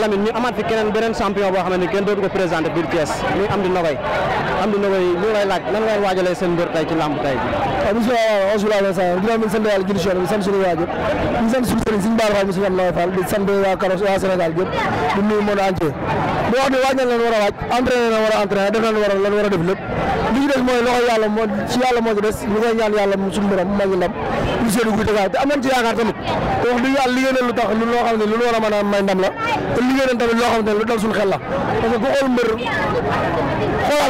Lamine ñu amaat fi keneen beneen champion boo xam ne kenn dootu ko présenté biir Thiès muy Amdy Nogoy Amdy Nogoy ñu lay laaj nan ngay waajalee seen mbër tey ci làmb tey bi waaw bisimilah waaw asalaamaaleykum sa ginnaaw min sant yàlla jël sion bi sant suñu waajur di sant suñu sëriñ suñu baal faal suñu am nawa faal di sant waa Karos waa Sénégal yëpp di nuyu monde entier di wax ne waaj nañ leen war a waaj entraîné na war a entraîné def nañ war a lan war a def lépp li ñu des mooy loxo yàlla moo ci yàlla moo ci des ñu koy ñaan yàlla suñu borom ma ñu ndam ñu seetlu guy dëgg te am nañ ci yaakaar te wax dëgg yàlla liggéey lu tax lu loo xam ne lu war a mën a may ndam la te liggéey nañ tamit loo xam ne lu dal suñu xel la parce que ku xool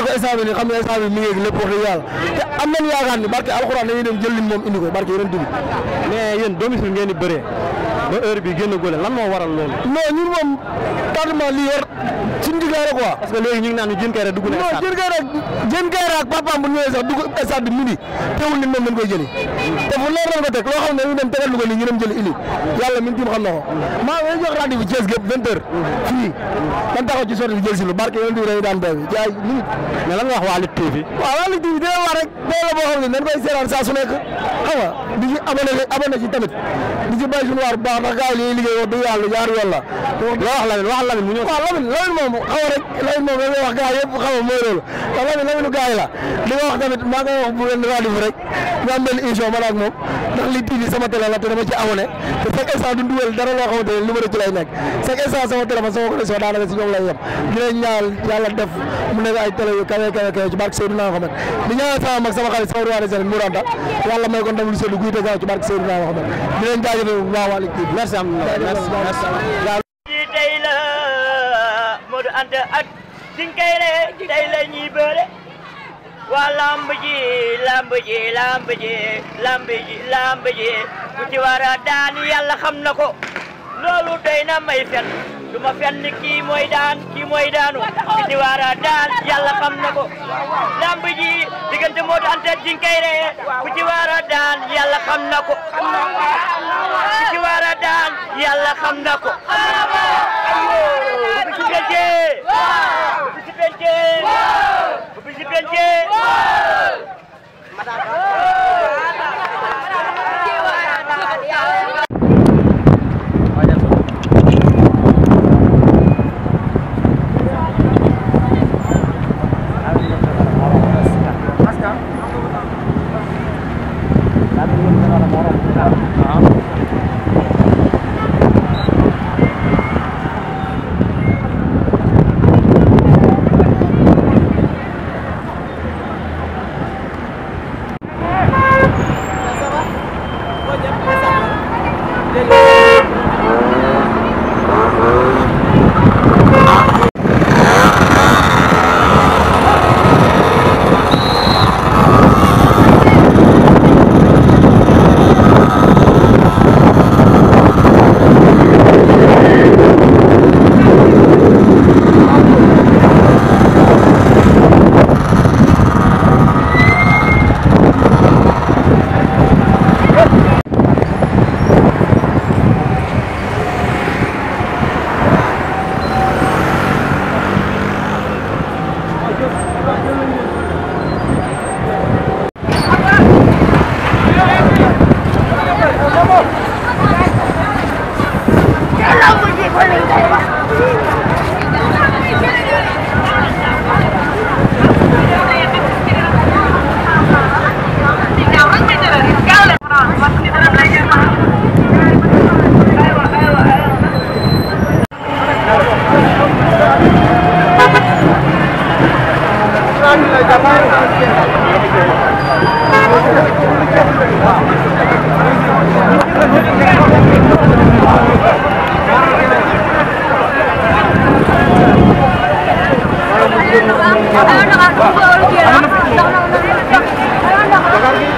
ko instant bi nii xam ne instant bi mi te am nañ ni barke alxuraan dañuy dem jël moom indi ko barke yeneen dugub mais yéen domicile ngeen di bëree ba heure bi génn góole lan moo waral loolu. non ñun moom pratiquement lii yor suñu diggante la quoi. parce que ngi naan Diène Kaïré dugg na. non ak papaam bu ñëwee sax dugg stade bi midi teewul nit moom dañ koy jëli. te na ko loo xam ne dañu dem tegal Louga nii ñu dem jëli ili yàlla min tiim xam na ko. maa ngi lay jox rendez-vous man taxaw ci sorti bi jël si lu barke yoon diw daan doy bi jaay nit mais lan nga wax waa Lutte TV waaw waa Lutte TV dina wax rek boo la boo xam ne dañ koy seetaan saa su nekk xam nga di ci abonné abonné ci tamit di ci bay suñu waar bu baax ndax gars yi li ñuy liggéey wax du yàlla ñaar yoon la loo wax Lamine wax Lamine mu ñëw waaw Lamine Lamine moom xaw rek Lamine moom la wax gars la li wax tamit maa ngi wax bu benn rendez-vous rek ñu am benn émission man ak moom ndax Lutte TV sama télé la te dama ci abonné te chaque instant du dugal foofu lay yem di leen ñaanal yàlla def mu nekk ay télé yu kawe kawe kawe ci barke Seydina Mohamed di ñaanal sama mag sama xarit sama roi des arènes Mouranta yàlla may ko ndam lu sedd guy te gaaw ci barke Seydina Mohamed di leen jaajëfal bu baax waa Ligue merci am na merci Modou Anta ak Dieng Kaïré tey la ñuy bëre waa lamb ji lamb ji lamb ji lamb ji lamb ji ku ci war a daan yàlla xam na ko loolu doy na may fen du ma fenn kii mooy daan kii mooy daanu Biti Wara daan yàlla xam na ko lamb ji diggante Modou Anta Dieng Kaïré Biti daan yàlla xam na ko Biti daan yàlla xam na ko bu ci Jangan nak aku, jangan nak aku.